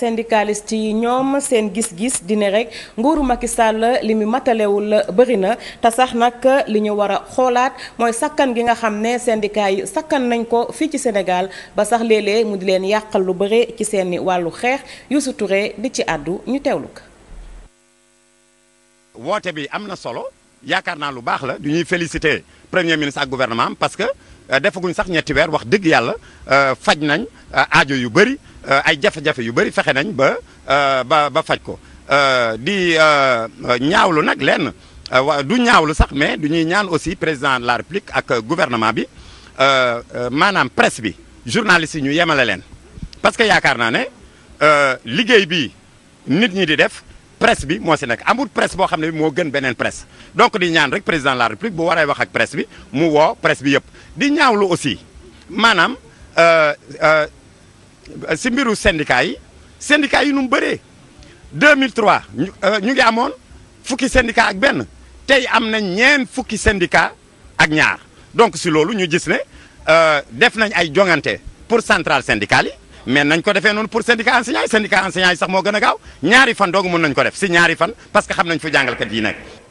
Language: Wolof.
syndicaliste yi ñoom seen gis-gis dine rek nguuru Macky sàll li mu matalewul bëri na te sax nag li ñu war a xoolaat mooy sakkan gi nga xam ne sendikaay yi sakkan nañ ko fii ci senegaal ba sax léeg-léeg mu di leen yàqal lu bëre ci seeni wàllu xeex Youssou Touré di ci àddu ñu teewlu ko. woote bi am na solo yaakaar naa lu baax la du ñuy féliciter premier ministre ak gouvernement parce que. Euh, defaguñ sax ñetti weer wax dëgg yàlla euh, faj nañ euh, ajo yu bëri ay jafe-jafe yu bëri fexe nañ ba ba ba faj ko di ñaawlu nag lenn wa du ñaawlu sax mais du ñuy ñaan aussi président de la république ak gouvernement bi maanaam presse bi journalistes yi ñu yemale leen parce que yaakaar naa ne liggéey bi nit ñi di def presse bi moo si nekk amul presse boo xam ne moo gën beneen presse donc di ñaan rek président de la république bu waree wax ak presse bi mu woo presse bi yëpp di ñaawlu aussi maanaam euh, euh, si mbiru syndicat yi syndicat yi nu mu bëree 2003 euh, ñu ngi amoon fukki syndicat ak benn tey am na ñeen fukki syndicat ak ñaar donc si loolu ñu gis ne def nañ ay joŋante pour centrale syndicale yi mais nañ ko defee noonu pour syndicat enseignants yi syndicat sax moo gën a gaaw ñaari fan doogu mën nañ ko def si ñaari fan parce que xam nañ fu jàngalkat yi nekk